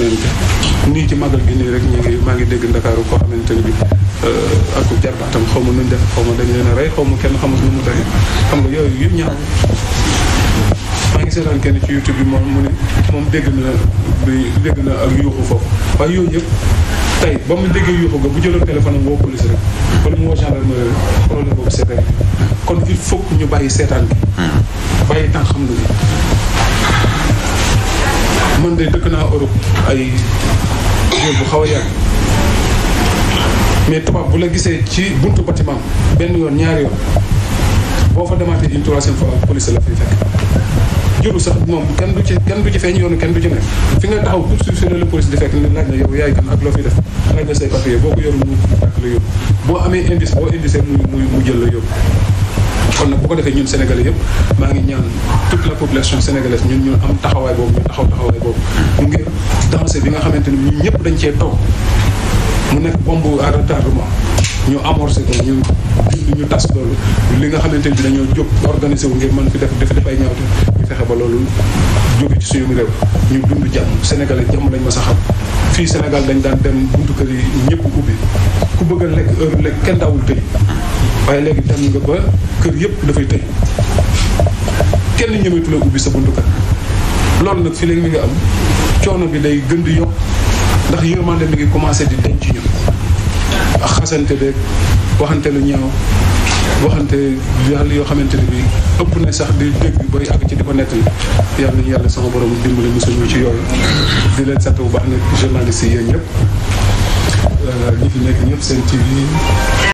jàppalante nii ci magal gi nii rek ñu ngi maa ngi dégg ndakaaru koo xamante ni bi euh, ak jarbaatam xaw ma nuñ def xaw ma dañ leen a rey xaw ma kenn xamul nu mu doy xam nga yooyu yëpp ñaaw maa ngi seetaan kenn ci bi moom mu ne moom dégg na bi na ak yuuxu foofu waaye yëpp tey ba mu déggee yuuxu ga bu jëloon téléphone am woo rek wala mu woo gendarmerie rek problème boobu c'est kon il faut ñu bàyyi seetaan gi hmm. bàyyi tànk xam lu bi man de dëkk naa Europe ay réew bu xaw a yàgg mais tubaab bu la gisee ci buntu bâtiment benn yoon ñaar yoon boo fa demaatee une troisième fois police la fi fekk juru sax moom kenn du ci kenn du ci feeñ yoonu kenn du ci nekk fi nga taxaw pour suivre la police di fekk ne laaj na yow yaay kan ak loo fi def laaj na say papier boo ko yorul mu tàkk la yóbbu boo amee indice boo indicee mu mu jël la yóbbu kon nag boo ko defee ñun sénégalais yëpp maa ngi ñaan toute la population sénégalaise ñun ñu am taxawaay boobu ñu taxaw taxawaay boobu mu ngir dansé bi nga xamante ni ñun ñëpp dañ cee toog mu nekk bombe à retardement ñu amorcé ko ñu ñu tas loolu li nga xamante ni dañoo jóg organisé wu ngir mën fi def def ay ñaawte ñu fexe ba loolu jóge ci suñu réew ñu dund jàmm sénégalais jàmm lañ ma sa xam fii Sénégal dañ daan dem buntu kër yi ñëpp ubbi ku bëgg a lekk heure lekk kenn daawul tëj waaye léegi dem nga ba kër yëpp dafay tëj kenn ñëwetula ubbi sa buntu kër loolu nag fi léegi mi nga am coono bi day gën di yokk ndax yërmande mi ngi commencé di denc ci ñun xasante beeg waxante lu ñaaw waxante yàlla yoo xamante ne bi ëpp na sax di dégg bay àgg ci di ko nettali yàlla ñu yàlla sama borom dimbale mosul ci yooyu di leen sant bu baax nag journaliste yi yéen ñëpp euh, ñi fi nekk ñëpp seen TV